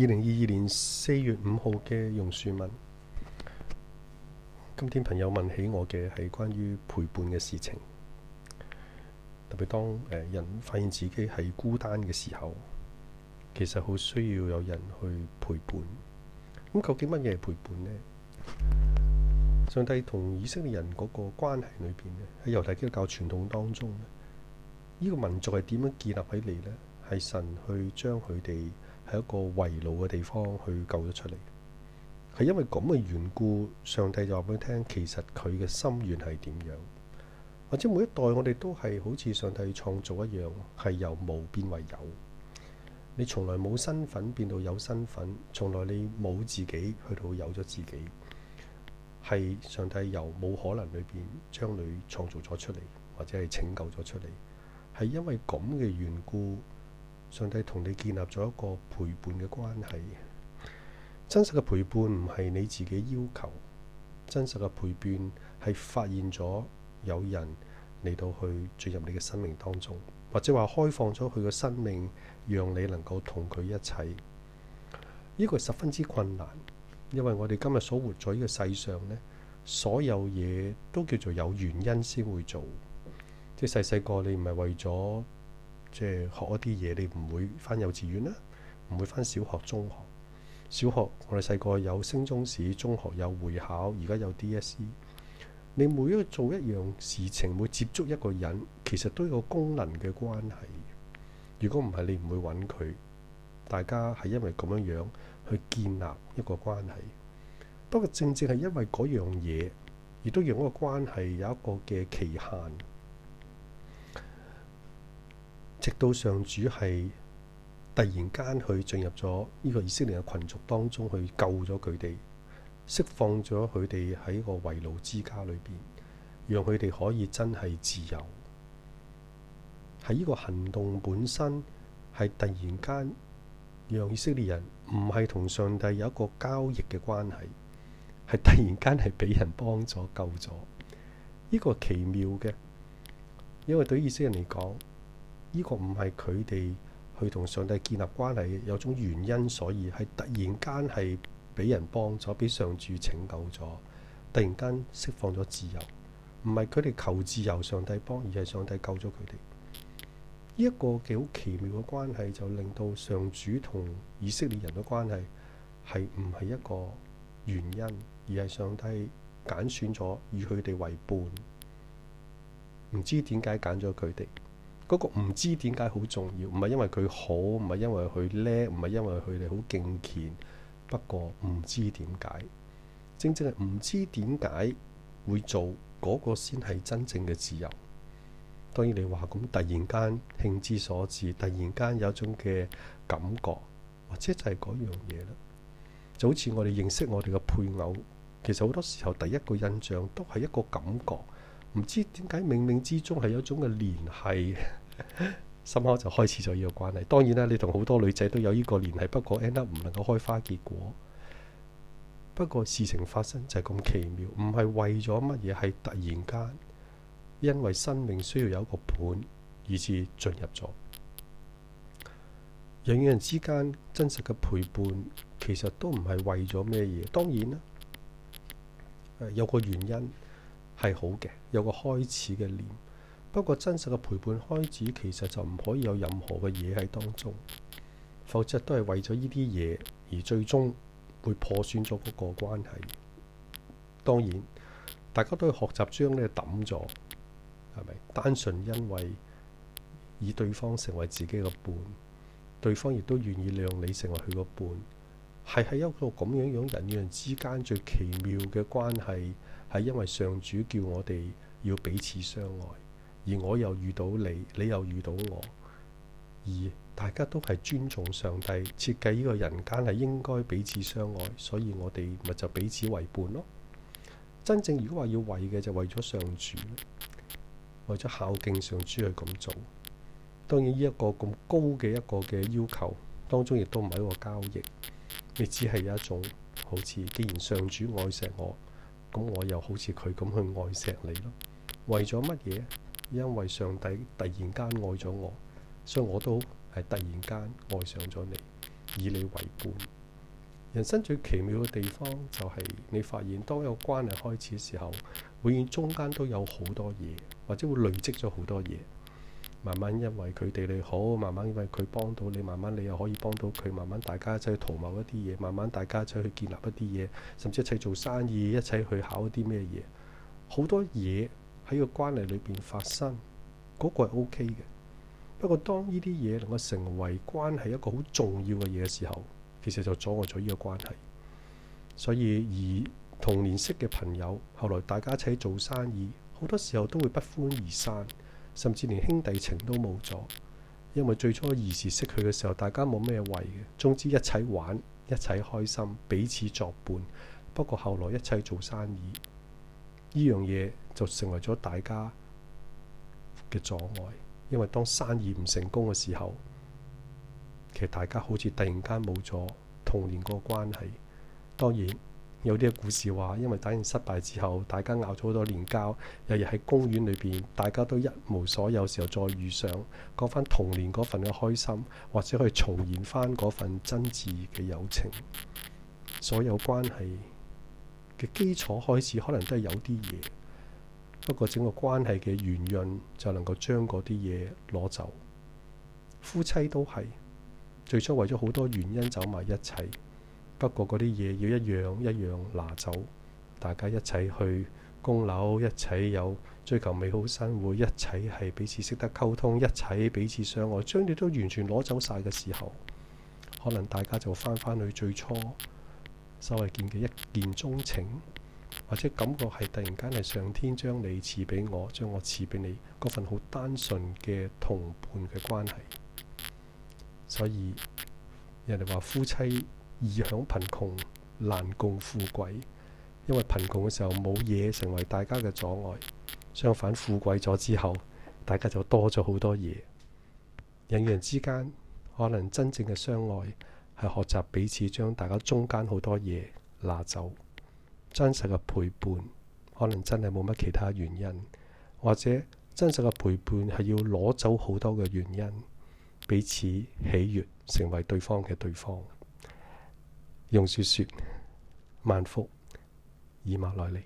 二零二二年四月五號嘅榕樹文。今天朋友問起我嘅係關於陪伴嘅事情，特別當誒人發現自己係孤單嘅時候，其實好需要有人去陪伴。咁究竟乜嘢係陪伴呢？上帝同以色列人嗰個關係裏邊呢，喺猶太基督教傳統當中呢，呢個民族係點樣建立起嚟呢？係神去將佢哋，係一個遺落嘅地方去救咗出嚟，係因為咁嘅緣故，上帝就話俾你聽，其實佢嘅心願係點樣，或者每一代我哋都係好似上帝創造一樣，係由無變為有。你從來冇身份變到有身份，從來你冇自己去到有咗自己，係上帝由冇可能裏邊將你創造咗出嚟，或者係拯救咗出嚟，係因為咁嘅緣故。上帝同你建立咗一個陪伴嘅關係，真實嘅陪伴唔係你自己要求，真實嘅陪伴係發現咗有人嚟到去進入你嘅生命當中，或者話開放咗佢嘅生命，讓你能夠同佢一齊。呢個係十分之困難，因為我哋今日所活在呢個世上呢，所有嘢都叫做有原因先會做，即係細細個你唔係為咗。即係學一啲嘢，你唔會翻幼稚園啦，唔會翻小學、中學。小學我哋細個有升中試，中學有會考，而家有 DSE。你每一做一樣事情，每接觸一個人，其實都有個功能嘅關係。如果唔係，你唔會揾佢。大家係因為咁樣樣去建立一個關係。不過正正係因為嗰樣嘢，亦都讓一個關係有一個嘅期限。直到上主係突然間去進入咗呢個以色列嘅群族當中，去救咗佢哋，釋放咗佢哋喺個為奴之家裏邊，讓佢哋可以真係自由。喺呢個行動本身係突然間讓以色列人唔係同上帝有一個交易嘅關係，係突然間係俾人幫助救咗呢、這個奇妙嘅，因為對以色列人嚟講。呢個唔係佢哋去同上帝建立關係有種原因，所以係突然間係畀人幫咗，畀上主拯救咗，突然間釋放咗自由，唔係佢哋求自由上帝幫，而係上帝救咗佢哋。呢一個幾好奇妙嘅關係，就令到上主同以色列人嘅關係係唔係一個原因，而係上帝揀選咗與佢哋為伴，唔知點解揀咗佢哋。嗰個唔知點解好重要，唔係因為佢好，唔係因為佢叻，唔係因為佢哋好敬虔。不過唔知點解，正正係唔知點解會做嗰個先係真正嘅自由。當然你話咁，突然間興之所至，突然間有一種嘅感覺，或者就係嗰樣嘢啦。就好似我哋認識我哋嘅配偶，其實好多時候第一個印象都係一個感覺，唔知點解冥冥之中係有一種嘅聯繫。 深刻就開始咗呢個關係，當然啦，你同好多女仔都有呢個聯繫，不過 end up 唔能夠開花結果，不過事情發生就係咁奇妙，唔係為咗乜嘢，係突然間，因為生命需要有一個伴，以至進入咗人與人之間真實嘅陪伴，其實都唔係為咗咩嘢，當然啦，有個原因係好嘅，有個開始嘅念。不過真實嘅陪伴開始，其實就唔可以有任何嘅嘢喺當中，否則都係為咗呢啲嘢而最終會破損咗嗰個關係。當然，大家都去學習將呢個抌咗，係咪？單純因為以對方成為自己嘅伴，對方亦都願意讓你成為佢嘅伴，係喺一個咁樣樣人與人之間最奇妙嘅關係。係因為上主叫我哋要彼此相愛。而我又遇到你，你又遇到我，而大家都係尊重上帝設計呢個人間係應該彼此相愛，所以我哋咪就彼此為伴咯。真正如果話要為嘅，就為咗上主，為咗孝敬上主去咁做。當然呢一個咁高嘅一個嘅要求，當中亦都唔係一個交易，你只係有一種好似，既然上主愛錫我，咁我又好似佢咁去愛錫你咯。為咗乜嘢？因為上帝突然間愛咗我，所以我都係突然間愛上咗你，以你為本。人生最奇妙嘅地方就係你發現，當有關係開始嘅時候，永遠中間都有好多嘢，或者會累積咗好多嘢。慢慢因為佢哋你好，慢慢因為佢幫到你，慢慢你又可以幫到佢，慢慢大家一齊去圖謀一啲嘢，慢慢大家一齊去建立一啲嘢，甚至一齊做生意，一齊去考一啲咩嘢，好多嘢。喺個關係裏邊發生嗰個係 O K 嘅，不過當呢啲嘢能夠成為關係一個好重要嘅嘢嘅時候，其實就阻礙咗呢個關係。所以而童年識嘅朋友，後來大家一齊做生意，好多時候都會不歡而散，甚至連兄弟情都冇咗。因為最初兒時識佢嘅時候，大家冇咩謂嘅，總之一齊玩，一齊開心，彼此作伴。不過後來一齊做生意呢樣嘢。就成為咗大家嘅障礙，因為當生意唔成功嘅時候，其實大家好似突然間冇咗童年嗰個關係。當然有啲嘅故事話，因為打完失敗之後，大家拗咗好多年交，日日喺公園裏邊，大家都一無所有時候，再遇上講返童年嗰份嘅開心，或者去重現返嗰份真摯嘅友情，所有關係嘅基礎開始可能都係有啲嘢。不過整個關係嘅圓潤，就能夠將嗰啲嘢攞走。夫妻都係最初為咗好多原因走埋一齊，不過嗰啲嘢要一樣一樣拿走，大家一齊去供樓，一齊有追求美好生活，一齊係彼此識得溝通，一齊彼此相愛，將你都完全攞走晒嘅時候，可能大家就翻返去最初所謂見嘅一見鍾情。或者感覺係突然間係上天將你賜俾我，將我賜俾你，嗰份好單純嘅同伴嘅關係。所以人哋話夫妻易享貧窮，難共富貴，因為貧窮嘅時候冇嘢成為大家嘅阻礙，相反富貴咗之後，大家就多咗好多嘢。人與人之間可能真正嘅相愛係學習彼此將大家中間好多嘢拿走。真實嘅陪伴，可能真係冇乜其他原因，或者真實嘅陪伴係要攞走好多嘅原因，彼此喜悦成為對方嘅對方。用說說，萬福以馬內利。